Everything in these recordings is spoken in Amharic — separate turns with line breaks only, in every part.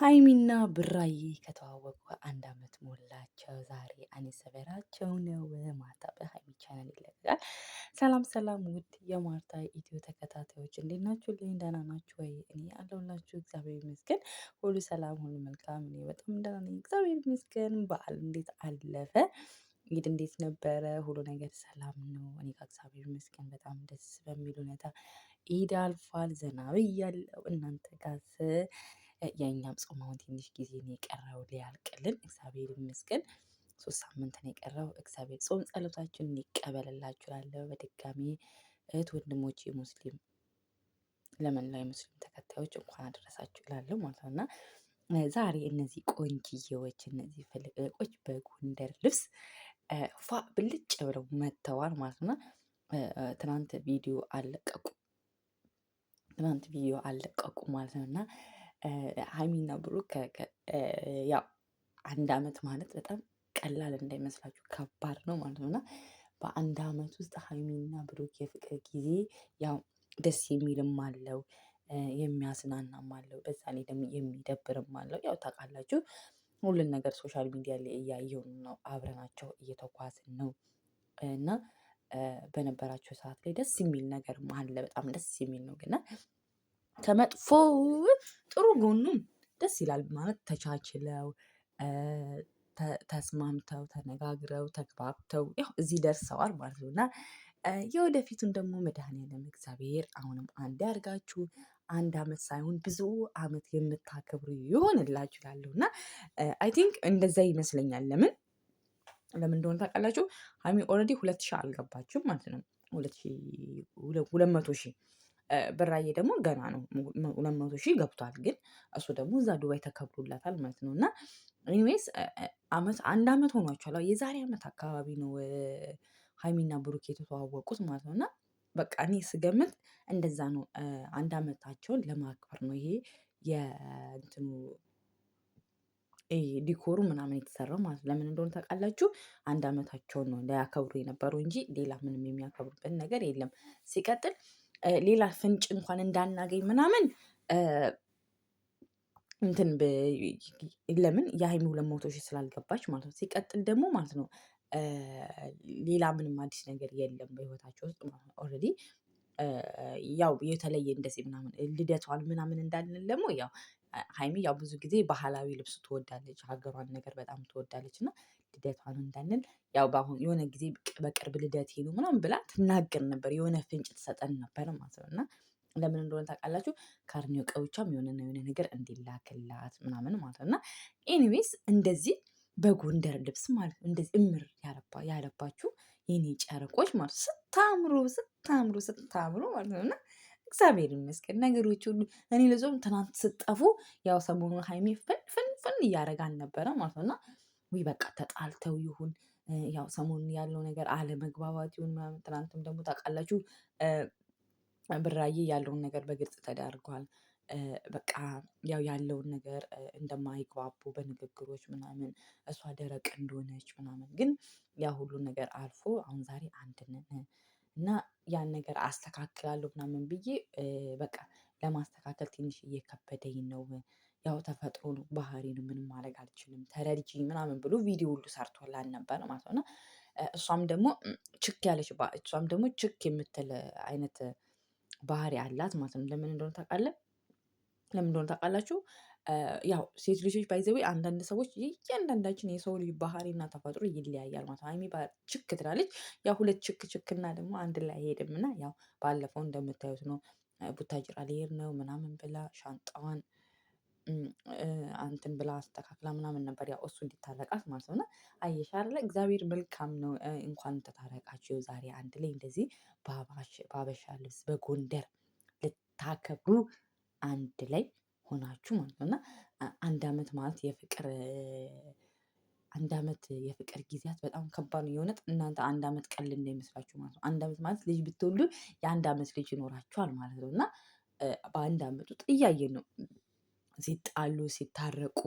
ሀይሚና ብራዬ ከተዋወቁ አንድ ዓመት ሞላቸው። ዛሬ አኒቨርሰሪያቸው ነው። ማርታ በሀይሚ ቻናል ይለቀቃል። ሰላም ሰላም! ውድ የማርታ ኢትዮ ተከታታዮች እንዴት ናችሁ? ልኝ ደህና ናችሁ ወይ? እኔ አለሁላችሁ። እግዚአብሔር ይመስገን፣ ሁሉ ሰላም፣ ሁሉ መልካም። እኔ በጣም ደህና ነኝ፣ እግዚአብሔር ይመስገን። በዓል እንዴት አለፈ? ኢድ እንዴት ነበረ? ሁሉ ነገር ሰላም ነው? እኔ ጋር ይመስገን በጣም ደስ በሚል ሁኔታ ኢድ አልፏል። ዘና ብያለሁ። እናንተ ጋር የእኛም ጾም አሁን ትንሽ ጊዜ ነው የቀረው ሊያልቅልን። እግዚአብሔር ይመስገን ሶስት ሳምንት ነው የቀረው። እግዚአብሔር ጾም ጸሎታችሁን ይቀበልላችኋለሁ። በድጋሚ እህት ወንድሞች ሙስሊም ለመላው የሙስሊም ተከታዮች እንኳን አደረሳችሁ እላለሁ ማለት ነው እና ዛሬ እነዚህ ቆንጅዬዎች እነዚህ ፍልቅልቆች በጎንደር ልብስ ፏ ብልጭ ብለው መጥተዋል ማለት ነው። ትናንት ቪዲዮ አለቀቁ ትናንት ቪዲዮ አለቀቁ ማለት ነው እና ሀይሚና ብሩክ ያው አንድ አመት ማለት በጣም ቀላል እንዳይመስላችሁ ከባድ ነው ማለት ነው እና በአንድ አመት ውስጥ ሀይሚና ብሩክ የፍቅር ጊዜ ያው ደስ የሚልም አለው የሚያዝናናም አለው በዛ ላይ ደግሞ የሚደብርም አለው። ያው ታውቃላችሁ ሁሉን ነገር ሶሻል ሚዲያ ላይ እያየውን ነው። አብረናቸው እየተጓዝን ነው እና በነበራቸው ሰዓት ላይ ደስ የሚል ነገር አለ። በጣም ደስ የሚል ነው ግና ከመጥፎ ጥሩ ጎኑም ደስ ይላል ማለት ተቻችለው ተስማምተው ተነጋግረው ተግባብተው ያው እዚህ ደርሰዋል ማለት ነው። እና የወደፊቱን ደግሞ መድኃኒዓለም እግዚአብሔር አሁንም አንድ ያርጋችሁ። አንድ አመት ሳይሆን ብዙ አመት የምታከብሩ ይሆንላችሁ እላለሁ። እና አይ ቲንክ እንደዛ ይመስለኛል። ለምን ለምን እንደሆነ ታውቃላችሁ? ሀይሚ ኦልሬዲ ሁለት ሺህ አልገባችሁም ማለት ነው። ሁለት ሺህ ሁለት መቶ ሺህ ብራዬ ደግሞ ገና ነው ሁለት መቶ ሺህ ገብቷል። ግን እሱ ደግሞ እዛ ዱባይ ተከብሮላታል ማለት ነው። እና ኢኒዌይስ አመት አንድ አመት ሆኗቸዋል። የዛሬ አመት አካባቢ ነው ሀይሚና ብሩክ የተተዋወቁት ማለት ነው። እና በቃ እኔ ስገምት እንደዛ ነው። አንድ አመታቸውን ለማክበር ነው ይሄ የእንትኑ ዲኮሩ ምናምን የተሰራው ማለት ነው። ለምን እንደሆነ ታውቃላችሁ? አንድ አመታቸውን ነው ሊያከብሩ የነበረው እንጂ ሌላ ምንም የሚያከብሩበት ነገር የለም። ሲቀጥል ሌላ ፍንጭ እንኳን እንዳናገኝ ምናምን እንትን ለምን የሀይሚ ሁለት መቶ ሺህ ስላልገባች ማለት ነው። ሲቀጥል ደግሞ ማለት ነው ሌላ ምንም አዲስ ነገር የለም በህይወታቸው ውስጥ ማለት ነው ኦልሬዲ ያው የተለየ እንደዚህ ምናምን ልደቷን ምናምን እንዳለን ደግሞ ያው ሀይሚ ያው ብዙ ጊዜ ባህላዊ ልብስ ትወዳለች፣ ሀገሯን ነገር በጣም ትወዳለች እና ልደቷን እንዳንል ያው በአሁን የሆነ ጊዜ በቅርብ ልደት ሄዱ ምናምን ብላ ትናገር ነበር። የሆነ ፍንጭ ትሰጠን ነበር ማለት ነው እና ለምን እንደሆነ ታውቃላችሁ? ካርኒዮ ቀብቻም የሆነ የሆነ ነገር እንዲላክላት ምናምን ማለት ነው እና ኤኒዌይስ እንደዚህ በጎንደር ልብስ ማለት ነው። እንደዚህ እምር ያለባችሁ የኔ ጨረቆች ማለት ነው። ስታምሩ ስታምሩ ስታምሩ ማለት ነው እና እግዚአብሔር ይመስገን ነገሮች ሁሉ እኔ ልዞም ትናንት ስጠፉ ያው ሰሞኑን ሀይሜ ፍንፍንፍን እያደረጋን ነበረ ማለት ነው እና ወይ በቃ ተጣልተው ይሁን ያው ሰሞኑን ያለው ነገር አለመግባባት ይሁን ምናምን ትናንትም ደግሞ ታውቃላችሁ ብራዬ ያለውን ነገር በግልጽ ተዳርጓል። በቃ ያው ያለውን ነገር እንደማይግባቡ በንግግሮች ምናምን እሷ ደረቅ እንደሆነች ምናምን ግን ያ ሁሉን ነገር አልፎ አሁን ዛሬ አንድ ነን እና ያን ነገር አስተካክላለሁ ምናምን ብዬ በቃ ለማስተካከል ትንሽ እየከበደኝ ነው። ያው ተፈጥሮ ነው ባህሪ ነው ምንም ማድረግ አልችልም ተረድጂኝ ምናምን ብሎ ቪዲዮ ሁሉ ሰርቶላት ነበር ማለት ነው። እና እሷም ደግሞ ችክ ያለች እሷም ደግሞ ችክ የምትል አይነት ባህሪ አላት ማለት ነው። ለምን እንደሆነ ታውቃለህ ለምን እንደሆነ ታውቃላችሁ? ያው ሴት ልጆች ባይዘዌ አንዳንድ ሰዎች እያንዳንዳችን የሰው ልጅ ባህሪና ተፈጥሮ ይለያያል ማለት ነው። ሀይሚ ችክ ትላለች ያው ሁለት ችክ ችክና ደግሞ አንድ ላይ አይሄድም እና ያው ባለፈው እንደምታዩት ነው። ቡታጅራ ልሄድ ነው ምናምን ብላ ሻንጣዋን አንትን ብላ አስተካክላ ምናምን ነበር ያው እሱ እንዲታረቃት ማለት ነው። እና እግዚአብሔር መልካም ነው። እንኳን ተታረቃችሁ ዛሬ አንድ ላይ እንደዚህ በሀበሻ ልብስ በጎንደር ልታከብሩ አንድ ላይ ሆናችሁ ማለት ነው እና አንድ አመት ማለት የፍቅር አንድ አመት የፍቅር ጊዜያት በጣም ከባድ ነው። የእውነት እናንተ አንድ አመት ቀልድ እንዳይመስላችሁ ማለት ነው። አንድ አመት ማለት ልጅ ብትወልዱ የአንድ አመት ልጅ ይኖራችኋል ማለት ነው እና በአንድ አመቱ ውስጥ እያየን ነው ሲጣሉ ሲታረቁ፣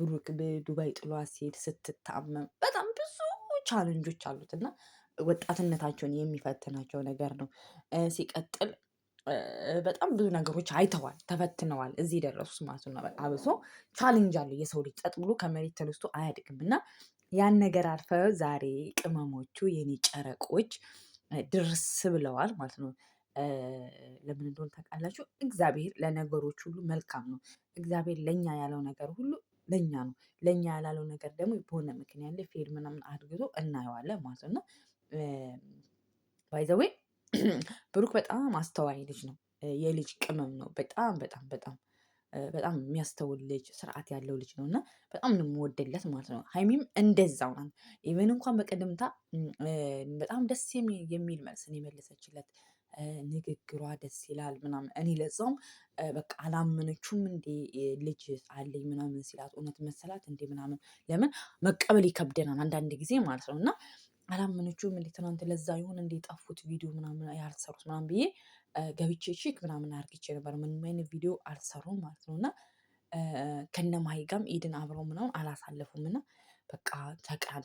ብሩክ ዱባይ ጥሏ ሲሄድ ስትታመም፣ በጣም ብዙ ቻለንጆች አሉት እና ወጣትነታቸውን የሚፈትናቸው ነገር ነው። ሲቀጥል በጣም ብዙ ነገሮች አይተዋል፣ ተፈትነዋል፣ እዚህ የደረሱ ማለት ነው። አብሶ ቻሌንጅ አለው የሰው ልጅ ጸጥ ብሎ ከመሬት ተነስቶ አያድግም እና ያን ነገር አልፈው ዛሬ ቅመሞቹ የኔ ጨረቆች ድርስ ብለዋል ማለት ነው። ለምን እንደሆነ ታውቃላችሁ? እግዚአብሔር ለነገሮች ሁሉ መልካም ነው። እግዚአብሔር ለእኛ ያለው ነገር ሁሉ ለእኛ ነው። ለእኛ ያላለው ነገር ደግሞ በሆነ ምክንያት ፌል ምናምን አድርጎ እናየዋለን ማለት ነው። ባይዘዌ ብሩክ በጣም አስተዋይ ልጅ ነው። የልጅ ቅመም ነው። በጣም በጣም በጣም በጣም የሚያስተውል ልጅ ስርዓት ያለው ልጅ ነው እና በጣም ነው የምወደለት ማለት ነው። ሀይሚም እንደዛው ናት። ኢቨን እንኳን በቀደምታ በጣም ደስ የሚል መልስን የመለሰችለት ንግግሯ ደስ ይላል ምናምን። እኔ ለዛውም በቃ አላመነችውም እንዴ ልጅ አለኝ ምናምን ሲላት እውነት መሰላት እንዴ ምናምን። ለምን መቀበል ይከብደናል አንዳንድ ጊዜ ማለት ነው እና አላመነችውም እንዴ ትናንት ለዛ ይሆን እንዴ የጠፉት ቪዲዮ ምናምን ያልሰሩት ምናምን ብዬ ገብቼ ቼክ ምናምን አርግቼ ነበር። ምንም አይነት ቪዲዮ አልሰሩም ማለት ነው። እና ከነ ጋም ኢድን አብረው ምናምን አላሳለፉም። እና በቃ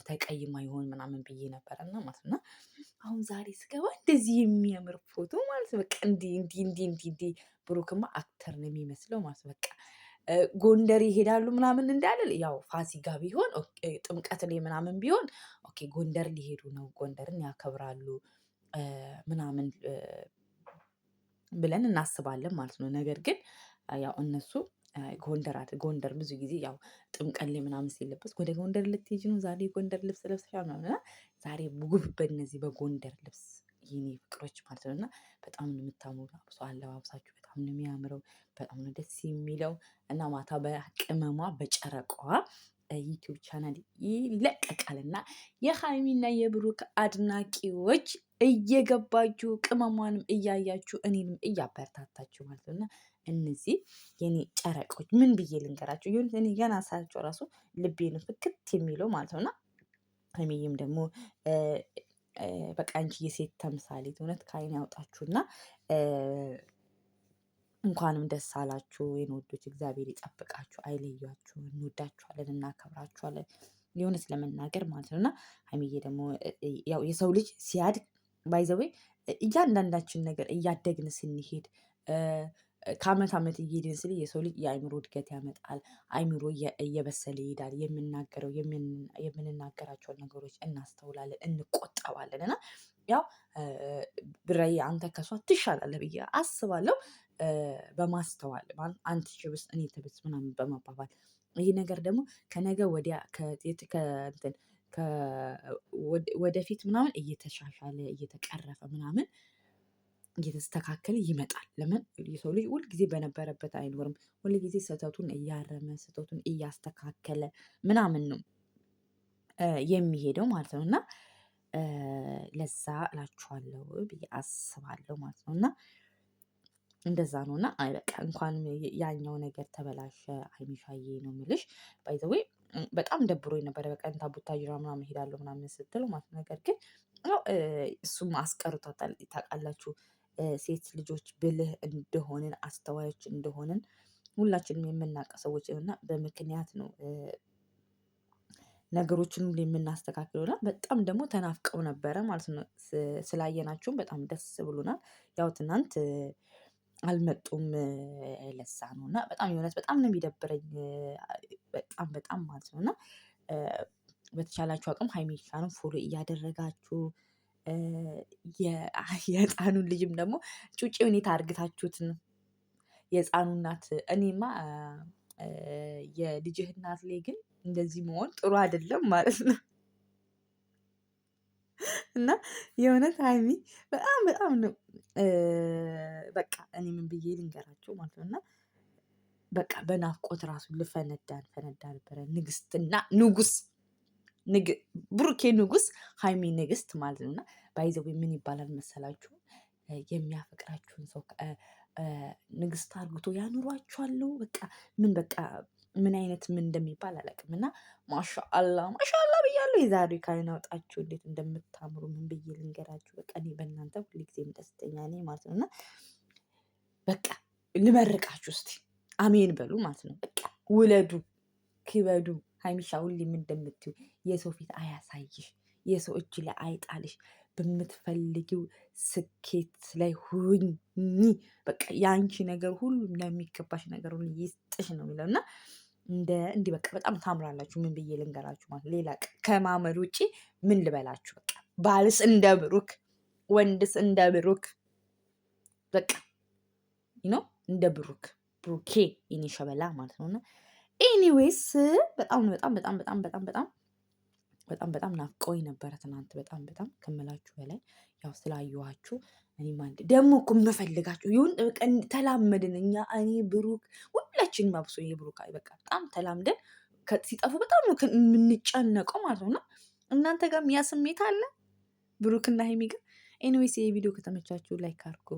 ተቀይማ ይሆን ምናምን ብዬ ነበረ እና ማለት ነው። አሁን ዛሬ ስገባ እንደዚህ የሚያምር ፎቶ ማለት በቃ እንዲ እንዲ እንዲ እንዲ ብሩክማ አክተር ነው የሚመስለው ማለት በቃ ጎንደር ይሄዳሉ ምናምን እንዳልል ያው ፋሲካ ቢሆን ጥምቀት ላይ ምናምን ቢሆን ኦኬ ጎንደር ሊሄዱ ነው፣ ጎንደርን ያከብራሉ ምናምን ብለን እናስባለን ማለት ነው። ነገር ግን ያው እነሱ ጎንደር ጎንደር ብዙ ጊዜ ያው ጥምቀት ላይ ምናምን ሲለበስ ወደ ጎንደር ልትሄጂ ነው ዛሬ የጎንደር ልብስ ለብሰሻል ምናምን ዛሬ ጉብ በእነዚህ በጎንደር ልብስ የኔ ፍቅሮች ማለት ነው እና በጣም የምታምሩ አለባብሳችሁ በጣም ነው የሚያምረው፣ በጣም ነው ደስ የሚለው እና ማታ በቅመሟ በጨረቋ ዩቲዩብ ቻናል ይለቀቃል ይለቀቃልና የሀይሚና የብሩክ አድናቂዎች እየገባችሁ ቅመሟንም እያያችሁ እኔንም እያበረታታችሁ ማለት ነው እና እነዚህ የኔ ጨረቆች ምን ብዬ ልንገራቸው? ይሁን እኔ ገና ሳያቸው ራሱ ልቤን ፍክት የሚለው ማለት ነው እና ሀይሚዬም ደግሞ በቃ እንጂ የሴት ተምሳሌት እውነት ከአይን ያውጣችሁና እንኳንም ደስ አላችሁ የኔ እግዚአብሔር ይጠብቃችሁ፣ አይለያችሁ። እንወዳችኋለን፣ እናከብራችኋለን። የእውነት ለመናገር ማለት ነው እና ሀይሚዬ ደግሞ ያው የሰው ልጅ ሲያድግ ባይዘዌ እያንዳንዳችን ነገር እያደግን ስንሄድ ከአመት አመት እየሄድን ስል የሰው ልጅ የአይምሮ እድገት ያመጣል። አይምሮ እየበሰለ ይሄዳል። የምናገረው የምንናገራቸው ነገሮች እናስተውላለን፣ እንቆጠባለን እና ያው ብራዬ አንተ ከሷ ትሻላለህ ብዬ አስባለሁ። በማስተዋል ማለት አንተ ትችብስ እኔ ትብስ ምናምን በመባባል ይህ ነገር ደግሞ ከነገ ወዲያ ወደፊት ምናምን እየተሻሻለ እየተቀረፈ ምናምን እየተስተካከለ ይመጣል። ለምን የሰው ልጅ ሁል ጊዜ በነበረበት አይኖርም። ሁልጊዜ ስህተቱን እያረመ ስህተቱን እያስተካከለ ምናምን ነው የሚሄደው ማለት ነው። እና ለዛ እላችኋለሁ ብዬ አስባለሁ ማለት ነው። እና እንደዛ ነው እና በቃ እንኳንም ያኛው ነገር ተበላሸ አይሚሻዬ ነው የምልሽ። ባይ ዘ ዌይ በጣም ደብሮ የነበረ በቃ እንታ ቡታጅራ ምናምን እሄዳለሁ ምናምን ስትል ማለት ነገር ግን እሱም አስቀርቷታል ታውቃላችሁ። ሴት ልጆች ብልህ እንደሆንን አስተዋዮች እንደሆንን ሁላችንም የምናውቅ ሰዎች እና በምክንያት ነው። ነገሮችን ሁሉ የምናስተካክለው እና በጣም ደግሞ ተናፍቀው ነበረ ማለት ነው። ስላየናችሁም በጣም ደስ ብሎናል። ያው ትናንት አልመጡም። ለሳ ነው እና በጣም የእውነት በጣም ነው የሚደብረኝ። በጣም በጣም ማለት ነው እና በተቻላችሁ አቅም ነው ፎሎ እያደረጋችሁ የህፃኑን ልጅም ደግሞ ጩጭ ሁኔታ አርግታችሁት ነው። የህፃኑ እናት እኔማ የልጅህ እናት ላይ ግን እንደዚህ መሆን ጥሩ አይደለም ማለት ነው። እና የእውነት ሀይሚ በጣም በጣም ነው በቃ እኔ ምን ብዬ ልንገራቸው ማለት ነው እና በቃ በናፍቆት ራሱ ልፈነዳ ልፈነዳ ነበረ። ንግስትና ንጉስ ብሩኬ ንጉስ፣ ሀይሚ ንግስት ማለት ነው እና ባይዘው ምን ይባላል መሰላችሁ የሚያፈቅራችሁን ሰው ንግስት አርግቶ ያኑሯችኋለሁ። በቃ ምን በቃ ምን አይነት ምን እንደሚባል አላውቅም። እና ማሻአላ ማሻአላ ብያለሁ። የዛሬ ካይን እንዴት እንደምታምሩ ምን ብዬ ልንገራችሁ። በቃ እኔ በእናንተ ሁልጊዜም ደስተኛ ነኝ ማለት ነው። እና በቃ ልመርቃችሁ እስቲ አሜን በሉ ማለት ነው። በቃ ውለዱ፣ ክበዱ። ሀይሚሻ ሁሌም እንደምትዩ የሰው ፊት አያሳይሽ፣ የሰው እጅ ላይ አይጣልሽ። በምትፈልጊው ስኬት ላይ ሁኝ። በቃ የአንቺ ነገር ሁሉ ለሚገባሽ ነገር ሁሉ ይስጥሽ ነው የሚለው እና እንደ እንዲህ በቃ በጣም ታምራላችሁ። ምን ብዬ ልንገራችሁ? ማለት ሌላ ከማመድ ውጪ ምን ልበላችሁ? በቃ ባልስ እንደ ብሩክ፣ ወንድስ እንደ ብሩክ፣ በቃ ነው እንደ ብሩክ ብሩኬ የኔ ሸበላ ማለት ነውና፣ እና ኤኒዌይስ በጣም በጣም በጣም በጣም በጣም በጣም በጣም በጣም ናፍቆኝ ነበረ ትናንት። በጣም በጣም ከምላችሁ በላይ ያው ስላየኋችሁ እኔ ደግሞ እኮ የምፈልጋችሁ ይሁን ተላመድን እኛ እኔ ብሩክ ሁላችንም አብሶ የብሩክ በቃ በጣም ተላምደን ሲጠፉ በጣም ነው የምንጨነቀው ማለት ነው። እና እናንተ ጋርም ያ ስሜት አለ ብሩክና ሀይሚ ጋር። ኤኒዌይስ ይሄ ቪዲዮ ከተመቻችሁ ላይክ አድርጉ።